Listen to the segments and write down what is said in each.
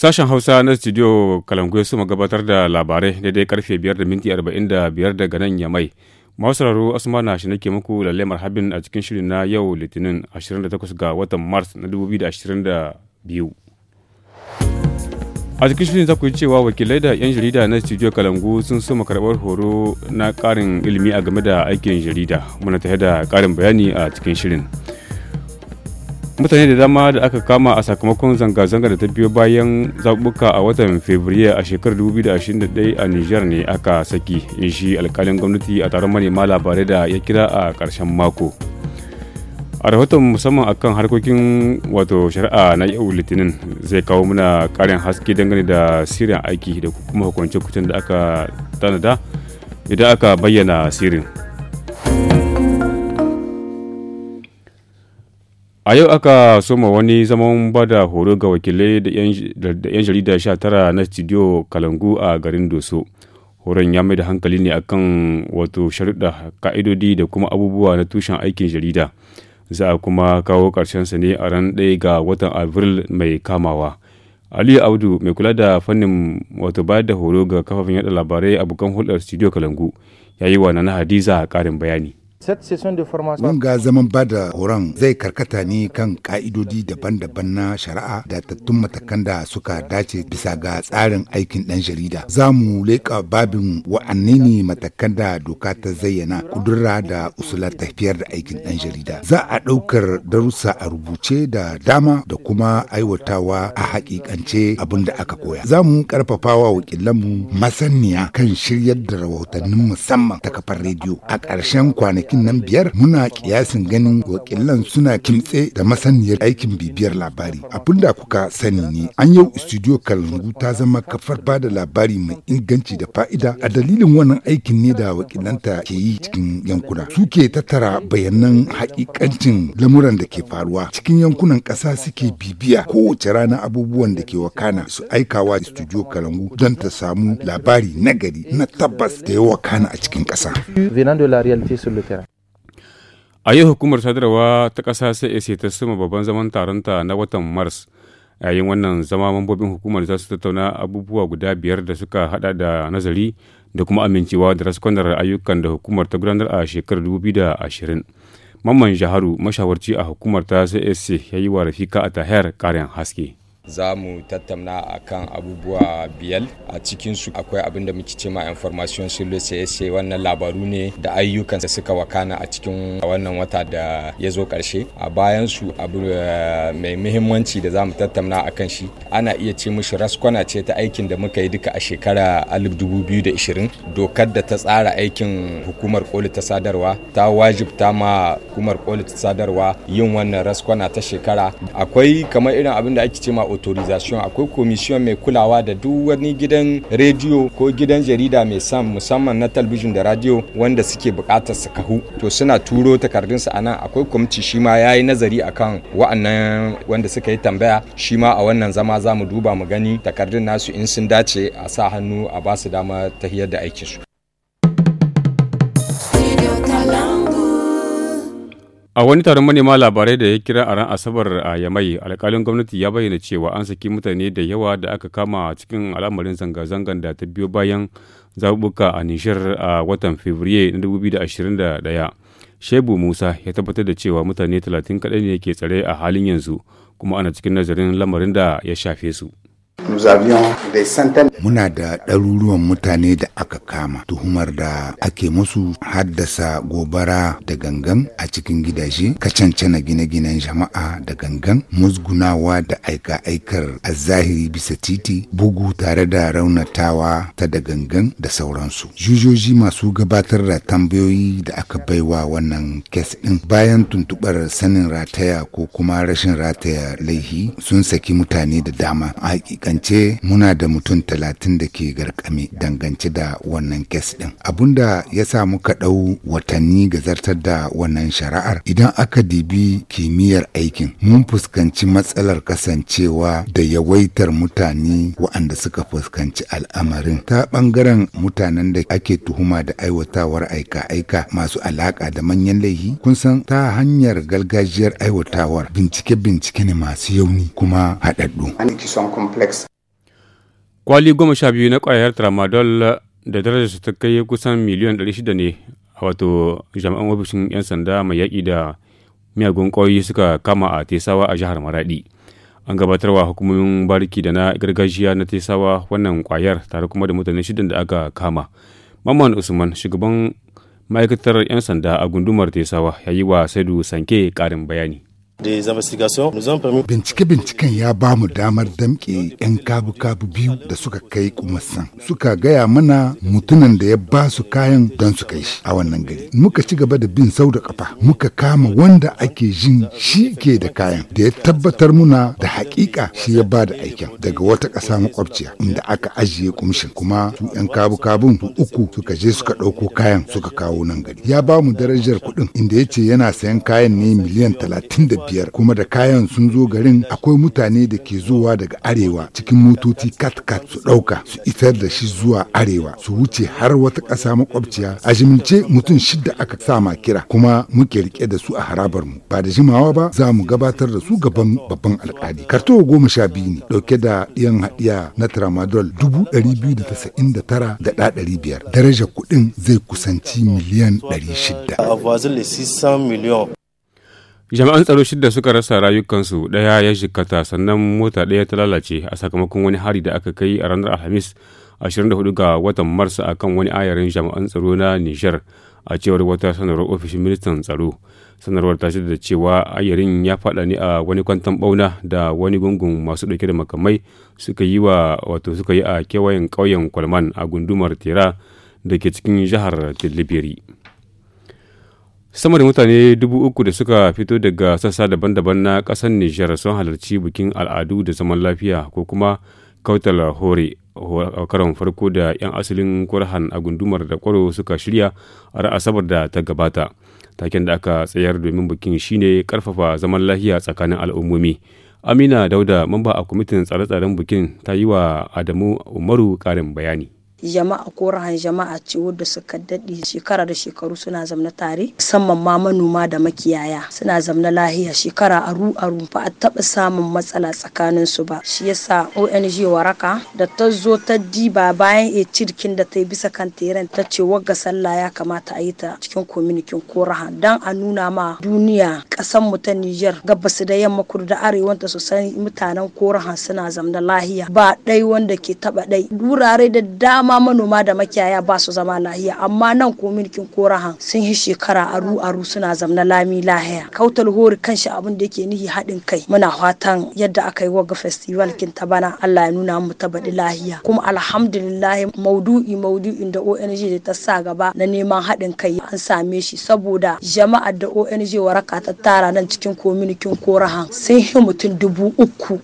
Sashen Hausa na studio Kalangwe su gabatar da labarai daidai karfe 5 da minti 45 daga nan ya mai. Masu Asma na shi nake muku lalle marhabin a cikin shirin na yau Litinin 28 ga watan Mars na 2022. A cikin shirin za ku yi cewa wakilai da 'yan jarida na studio Kalangu sun soma karɓar horo na karin ilimi a game da aikin jarida. Muna tare da karin bayani a cikin shirin. mutane da dama da aka kama a sakamakon zanga-zanga da ta biyo bayan zaɓuka a watan fabrairu a shekarar 2021 a niger ne aka saki in shi alkalin gwamnati a taron manema labarai da ya kira a ƙarshen mako a rahoton musamman akan harkokin wato shari'a na yau litinin zai kawo muna ƙarin haske dangane da sirin aiki da kuma hukunce kucin da aka tanada idan aka bayyana sirin A yau aka soma wani zaman bada horo ga wakilai da 'yan jarida sha tara na studio Kalangu a garin Doso. Horon ya mai da hankali ne akan wato sharuɗa ka'idodi da kuma abubuwa na tushen aikin jarida. Za a kuma kawo sa ne a ran ɗaya ga watan Avril mai kamawa. Aliyu Abdu mai kula da fannin wato bayar da horo ga kafafen yada labarai abokan hulɗar studio Kalangu ya yi wa Nana Hadiza a ƙarin bayani. ga zaman ba da horon zai karkata ne kan ka'idodi daban-daban na shari'a da tattun matakan da suka dace bisa ga tsarin aikin ɗan jarida. Za mu leƙa babin wa'anni ne matakan da doka ta zayyana kudurra da usular tafiyar da aikin ɗan jarida. Za a ɗaukar darussa a rubuce da dama da kuma aiwatawa a hakikance abin da aka koya. Za mu ƙarfafawa wakilanmu masaniya kan shiryar da rahotannin musamman ta kafar rediyo a ƙarshen kwanaki aikin nan biyar muna kiyasin ganin wakilan suna kimtse da masaniyar aikin bibiyar labari abinda kuka sani ne an yau studio kalangu ta zama kafar bada labari mai inganci da fa'ida a dalilin wannan aikin ne da wakilanta ke yi cikin yankuna suke tattara bayanan hakikancin lamuran da ke faruwa cikin yankunan ƙasa suke bibiya kowace rana abubuwan da ke wakana su aikawa studio kalangu don ta samu labari nagari na tabbas da ya wakana a cikin ƙasa. a yau hukumar sadarwa ta ƙasa sai ta suma babban zaman taronta na watan mars yayin wannan zama mambobin hukumar za su tattauna abubuwa guda biyar da suka hada da nazari da kuma amincewa da raskwanar ayyukan da hukumar ta gudanar a shekarar 2020 mamman jaharu mashawarci a hukumar ta csc ya yi wa rafika a tahiyar ƙarin haske za mu tattauna a kan abubuwa biyar a cikinsu akwai abin da muke cema information silo sai wannan labaru ne da ayyukan da suka wakana a cikin wannan wata da ya zo karshe a bayan su abu eh, mai muhimmanci da za mu tattauna a kan shi ana iya ce mishi raskwana ce ta aikin da muka yi duka a shekara 2020 dokar da ta tsara aikin hukumar koli ta sadarwa ta wajibta ma hukumar koli ta sadarwa yin wannan raskwana ta shekara akwai kamar irin abin da ake ce ma authorization akwai commission mai kulawa da duk wani gidan rediyo ko gidan jarida mai sam musamman na talbijin da radio wanda suke bukatar su kahu to suna turo takardun su anan akwai kwamiti shi ma yayi nazari akan wa'annan wanda suka yi tambaya shi ma a wannan zama za mu duba mu gani takardun nasu in sun dace a sa hannu a ba su dama tahiyar da su. A wani taron manema labarai da ya kira a ran Asabar a Yamai, alkalin gwamnati ya bayyana cewa an saki mutane da yawa da aka kama a cikin al'amarin zanga-zangar da ta biyo bayan zaɓuɓɓuka a Nijar a watan Fabrairu na 2021. Shebu Musa ya tabbatar da cewa mutane 30 kaɗai ne ke tsare a halin yanzu, kuma ana cikin nazarin lamarin da ya shafe su. Muna da ɗaruruwan mutane da aka kama tuhumar da ake musu haddasa gobara da gangan a cikin gidaje, kacancana gine-ginen jama'a da gangan, musgunawa da aika-aikar zahiri bisa titi, bugu tare da raunatawa ta da gangan da sauransu. Jujoji masu gabatar da tambayoyi da aka baiwa wannan kes ɗin bayan tuntuɓar sanin rataya ko kuma rashin rataya laihi sun saki mutane da dama a hakika hakikance muna da mutum talatin da ke garkame dangance da wannan kes ɗin. Abunda ya sa muka ɗau watanni ga zartar da wannan shari'ar idan aka dibi kimiyyar aikin mun fuskanci matsalar kasancewa da yawaitar mutane wa'anda suka fuskanci al'amarin ta bangaren mutanen da ake tuhuma da aiwatawar aika-aika masu alaƙa da manyan laihi kun san ta hanyar gargajiyar aiwatawar bincike-bincike ne masu yauni kuma haɗaɗɗu. Kwali goma sha biyu na kwayar tramadol da su ta kai kusan miliyan 600 ne a wato jami'an ofishin 'yan sanda mai yaƙi da miyagun ƙwayoyi suka kama a tesawa a jihar maradi an gabatar wa hukumomin bariki da na gargajiya na tesawa wannan kwayar tare kuma da mutane shidan da aka kama mamman usman shugaban ma'aikatar 'yan sanda a gundumar tesawa ya yi wa saidu sanke karin bayani Bincike-binciken ya ba mu damar damƙe 'yan kabu-kabu biyu da suka kai kumassan. Suka gaya mana mutumin da ya ba su kayan don su kai shi a wannan gari. Muka ci gaba da bin sau da kafa, muka kama wanda ake jin shi ke da kayan da ya tabbatar muna da hakika shi ya ba da aikin daga wata ƙasa makwabciya inda aka ajiye kumshin kuma su 'yan kabu-kabun uku suka je suka ɗauko kayan suka kawo nan gari. Ya ba mu darajar kuɗin inda ya ce yana sayan kayan ne miliyan talatin da biyar kuma da kayan sun zo garin akwai mutane da ke zuwa daga arewa cikin motoci kat-kat su ɗauka su isar da shi zuwa arewa su wuce har wata ƙasa makwabciya a jimince mutum shidda aka sama kira kuma muke rike da su a harabar mu ba da jimawa ba za mu gabatar da su gaban babban alkali karto goma sha biyu ne ɗauke da yan haɗiya na tramadol dubu ɗari biyu da tasa'in da tara da ɗa ɗari biyar darajar kuɗin zai kusanci miliyan ɗari shidda. jami'an tsaro shida suka rasa rayukansu ɗaya ya jikkata sannan mota ɗaya ta lalace a sakamakon wani hari da aka kai a ranar alhamis 24 ga watan mars a kan wani ayarin jami'an tsaro na nijar a cewar wata sanarwar ofishin ministan tsaro sanarwar ta da cewa ayarin ya faɗa ne a wani kwantan bauna da wani gungun masu ɗauke da makamai suka yi wa wato suka yi a kewayen ƙauyen kwalman a gundumar tera da ke cikin jihar tilibiri sama da mutane dubu uku da suka fito daga sassa daban-daban na ƙasar nijar sun halarci bikin al'adu da zaman lafiya ko kuma kautal hore karon farko da 'yan asalin kurhan a gundumar da kwaro suka shirya a asabar da ta gabata taken da aka tsayar domin bikin shine karfafa zaman lafiya tsakanin al'ummomi amina dauda mamba a kwamitin tsare-tsaren bikin ta yi wa adamu umaru karin bayani jama'a ko rahan jama'a ce wadda suka daɗe shekara da shekaru suna zamna tare musamman ma manoma da makiyaya suna zamna lahiya shekara aru aru ba a taɓa samun matsala tsakanin su ba shi yasa ONG waraka da ta zo ta diba bayan a cirkin da ta yi bisa kan teren ta ce wagga sallah ya kamata a yi ta cikin kominikin ko rahan dan a nuna ma duniya ƙasan mu ta Niger gabas da yamma kudu da arewa ta su san mutanen ko suna zamna lahiya ba ɗai wanda ke taɓa ɗai wurare da dama ma manoma da makiyaya ba su zama lahiya amma nan kominikin korahan sun yi shekara aru aru suna zamna lami lahiya kautal hori kanshi abin da yake nihi haɗin kai muna fatan yadda aka yi waga festival kin ta bana Allah ya nuna mu ta baɗi lahiya kuma alhamdulillah maudu'i maudui da ONG da ta sa gaba na neman haɗin kai an same shi saboda jama'ar da ONG waraka ta tara nan cikin kominikin korahan sun yi mutum dubu uku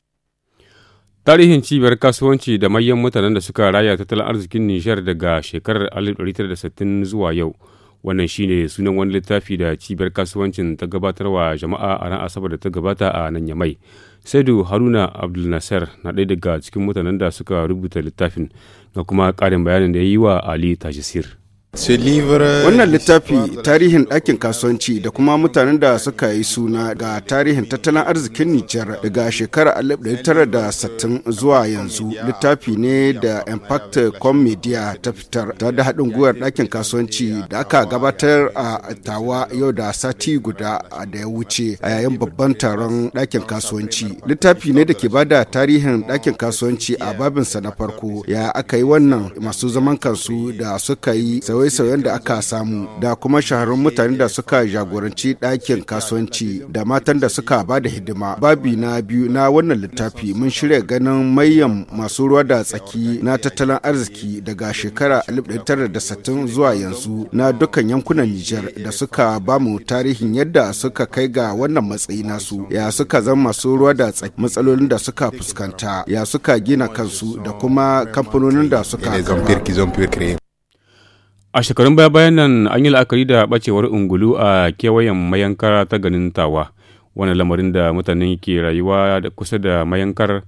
Tarihin cibiyar kasuwanci da manyan mutanen da suka raya tattalin arzikin Nijar daga shekarar 1960 zuwa yau. Wannan shine sunan wani littafi da cibiyar kasuwancin ta gabatarwa jama'a a ran Asabar da ta gabata a nan Yamai. Saidu Haruna Abdulnasar na ɗaya daga cikin mutanen da suka rubuta littafin na kuma ƙarin bayanin da ya yi wa Ali Tajisir. Wannan littafi tarihin ɗakin kasuwanci da kuma mutanen da suka yi suna ga tarihin tattalin arzikin Nijar daga shekarar 1960 zuwa yanzu littafi ne da Impact Com Media ta fitar ta da haɗin gwiwar ɗakin kasuwanci da aka gabatar a tawa yau da sati guda da ya wuce a yayin babban taron ɗakin kasuwanci. Littafi ne da ke bada tarihin ɗakin kasuwanci a babinsa na farko ya aka yi wannan masu zaman kansu da suka yi sauye sauye-sauyen da aka samu da kuma shahararrun mutane da suka jagoranci ɗakin kasuwanci da matan da suka ba da hidima babi na biyu na wannan littafi mun shirya ganin mayan masu ruwa da tsaki na tattalin arziki daga shekara 1960 zuwa yanzu na dukkan yankunan Nijar da suka ba mu tarihin yadda suka kai ga wannan matsayi nasu ya suka zama masu ruwa da tsaki matsalolin da suka fuskanta ya suka gina kansu da kuma kamfanonin da suka A shekarun baya bayan nan an yi la'akari da ɓacewar ungulu a kewayen mayankar ta ganin tawa, wani lamarin da mutanen ke rayuwa da kusa da mayankar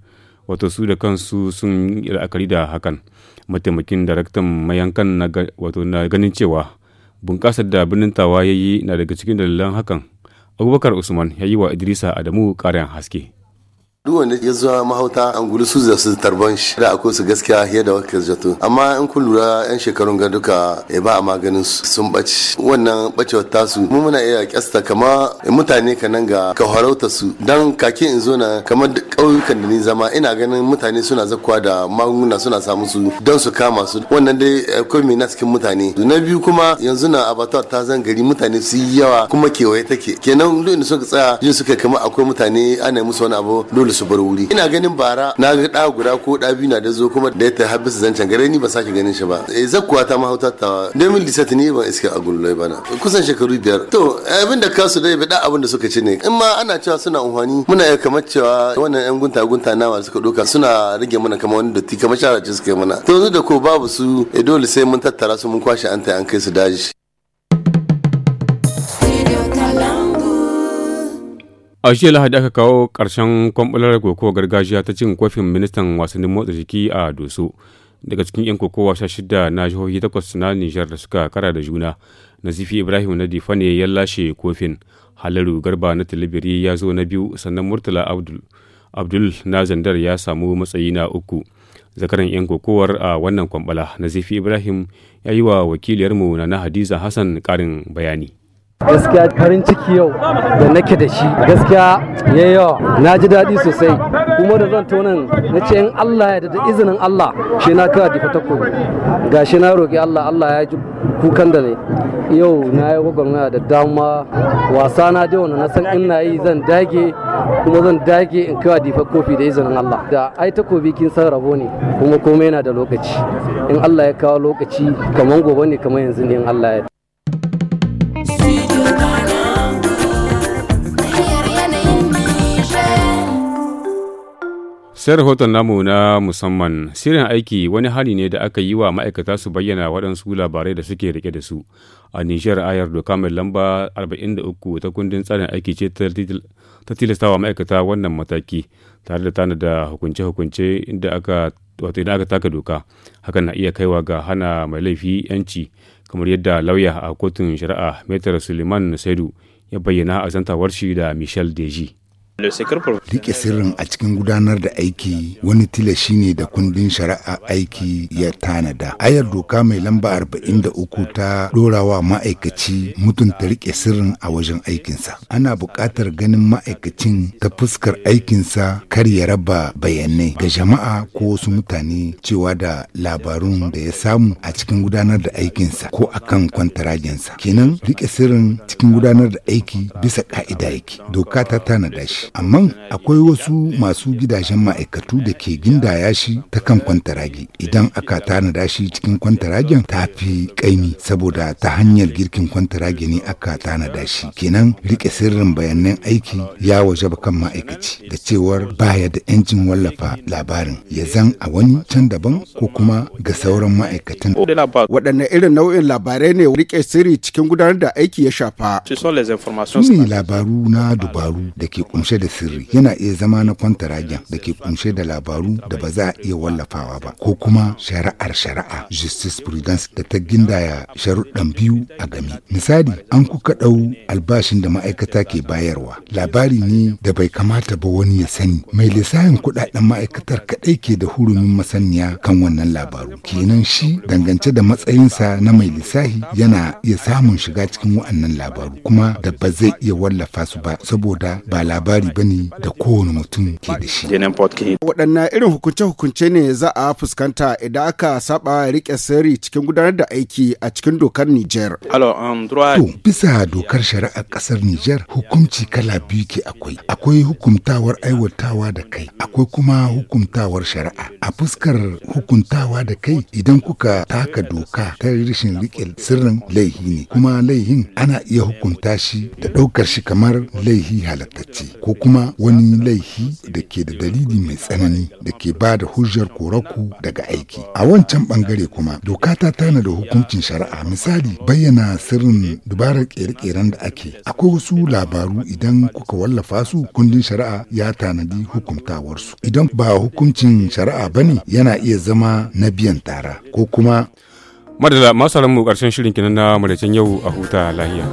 wato su da kansu sun yi la'akari da hakan. Mataimakin daraktan mayankan na, wato na ganin cewa bunƙasar da birnin tawa ya yi na daga cikin dalilan hakan. Abubakar Usman ya yi wa Idrisa Adamu ƙarin haske. duk wanda ya zuwa mahauta an guri su da su tarban shi da akwai su gaskiya fiye da wakil zato amma in kun lura yan shekarun ga duka ya eh, ba a maganin su sun ɓaci wannan ɓacewar tasu mu muna iya kyasta kama eh, mutane nan ga ka harauta su dan kake in zo na kamar ƙauyukan da ni zama ina ganin mutane suna zakkuwa da magunguna suna samu su don su kama su wannan dai akwai eh, mai na cikin mutane na biyu kuma yanzu na abatawa ta zan gari mutane su yi yawa kuma kewaye take kenan duk inda suka tsaya jin suka kama akwai mutane ana musu wani abu dole su bar wuri ina ganin bara na ga da guda ko da biyu na da zo kuma da ta su zancan gare ni ba sake ganin shi ba eh zakkuwa ta mahauta ta da min lisati ne ban iske a ba bana kusan shekaru biyar to abin da kasu dai da abin da suka ci ne in ma ana cewa suna unhani muna iya kamar cewa wannan yan gunta gunta nawa suka doka suna rage mana kamar wani dotti kamar sharace suka mana to yanzu da ko babu su eh, dole sai mun tattara su mun kwashe an ta an kai su daji a jiya lahadi aka kawo ƙarshen kwambular kokowa gargajiya ta cin kofin ministan wasannin motsa jiki a doso daga cikin 'yan kokowa sha shida na jihohi takwas na nijar da suka kara da juna nazifi ibrahim na ne ya lashe kofin halaru garba na tilibiri ya zo na biyu sannan murtala abdul na zandar ya samu matsayi na uku zakaran 'yan kokowar a wannan kwambala nazifi ibrahim ya yi wa wakiliyarmu na hadiza hassan karin bayani gaskiya farin ciki yau da nake da shi gaskiya ya yawa na ji daɗi sosai kuma da zan tonin na ce in Allah ya da izinin Allah shi na kawo difa ta ga shi na roƙi Allah Allah ya ji kukan da ne yau na yi gwagwarmaya da dama wasa na da wani na san in na yi zan dage kuma zan dage in kawo difa kofi da izinin Allah da ai takobi kin san rabo ne kuma komai yana da lokaci in Allah ya kawo lokaci kamar gobe ne kamar yanzu ne in Allah ya sai rahoton namu na musamman shirin aiki wani hali ne da aka yi wa ma'aikata su bayyana waɗansu labarai da suke rike da su a nishiyar ayar doka mai lamba 43 ta kundin tsarin aiki ce ta tilasta wa ma'aikata wannan mataki tare da tana da hukunce-hukunce inda aka wato idan aka taka doka hakan na iya kaiwa ga hana mai laifi yanci kamar yadda lauya a kotun shari'a metar suleiman saidu ya bayyana a zantawar shi da michel deji Rike sirrin a cikin gudanar da aiki wani tila shine da kundin shari'a aiki ya tanada. Ayar doka mai lamba 43 ta ɗorawa ma'aikaci mutunta rike sirrin a wajen aikinsa. Ana buƙatar ganin ma'aikacin ta fuskar aikinsa kar ya raba bayanai ga jama'a ko wasu mutane cewa da labarun da ya samu a cikin gudanar da aikinsa ko akan kwantaragensa. Kenan rike sirrin cikin gudanar da aiki bisa ka'ida yake. Doka ta tanada shi. Amma akwai wasu masu gidajen ma'aikatu da ke gindaya shi ta kan kwantaragi. Idan aka tanada shi cikin kwantaragen ta fi kaimi saboda ta hanyar girkin kwantaragi ne aka tanada shi. Kenan rike sirrin bayanan aiki ya waje kan ma'aikaci da cewar baya da 'yancin wallafa labarin ya zan a wani can daban ko kuma ga sauran ma'aikatan. Waɗanne irin nau'in labarai ne rike sirri cikin gudanar da aiki ya shafa? Su ne labaru na dubaru da ke kunshe kunshe da sirri yana iya zama na kwantaragen da ke kunshe da labaru da ba za a iya wallafawa ba ko kuma shari'ar shari'a justice prudence da ta gindaya sharuɗan biyu a gami. misali an kuka ɗau albashin da ma'aikata ke bayarwa labari ne da bai kamata ba wani ya sani mai lissafin kuɗaɗen ma'aikatar kaɗai ke da hurumin masaniya kan wannan labaru kenan shi dangance da matsayinsa na mai lissafi yana iya samun shiga cikin wa'annan labaru kuma da ba zai iya wallafa su ba saboda ba labari tsari ba ne da kowane mutum ke da shi. Waɗanne irin hukunce-hukunce ne za a fuskanta idan aka saba riƙe sirri cikin gudanar da aiki a cikin dokar Nijar? To, bisa dokar shari'ar ƙasar Nijar hukunci kala biyu ke akwai. Akwai hukuntawar aiwatawa da kai, akwai kuma hukuntawar shari'a. A fuskar hukuntawa da kai idan kuka taka doka ta rashin riƙe sirrin laihi ne, kuma laihin ana iya hukunta shi da ɗaukar shi kamar laihi halattacce ko kuma wani laifi da ke da dalili mai tsanani da ke ba da hujjar koraku daga aiki a wancan bangare kuma doka ta tana da hukuncin shari'a misali bayyana sirrin dubarar kere-keren da ake akwai wasu labaru idan kuka wallafa su kundin shari'a ya tanadi hukuntawarsu idan ba hukuncin shari'a ba ne yana iya zama na biyan tara ko kuma madala masu mu karshen shirin kinan na yau a huta lahiya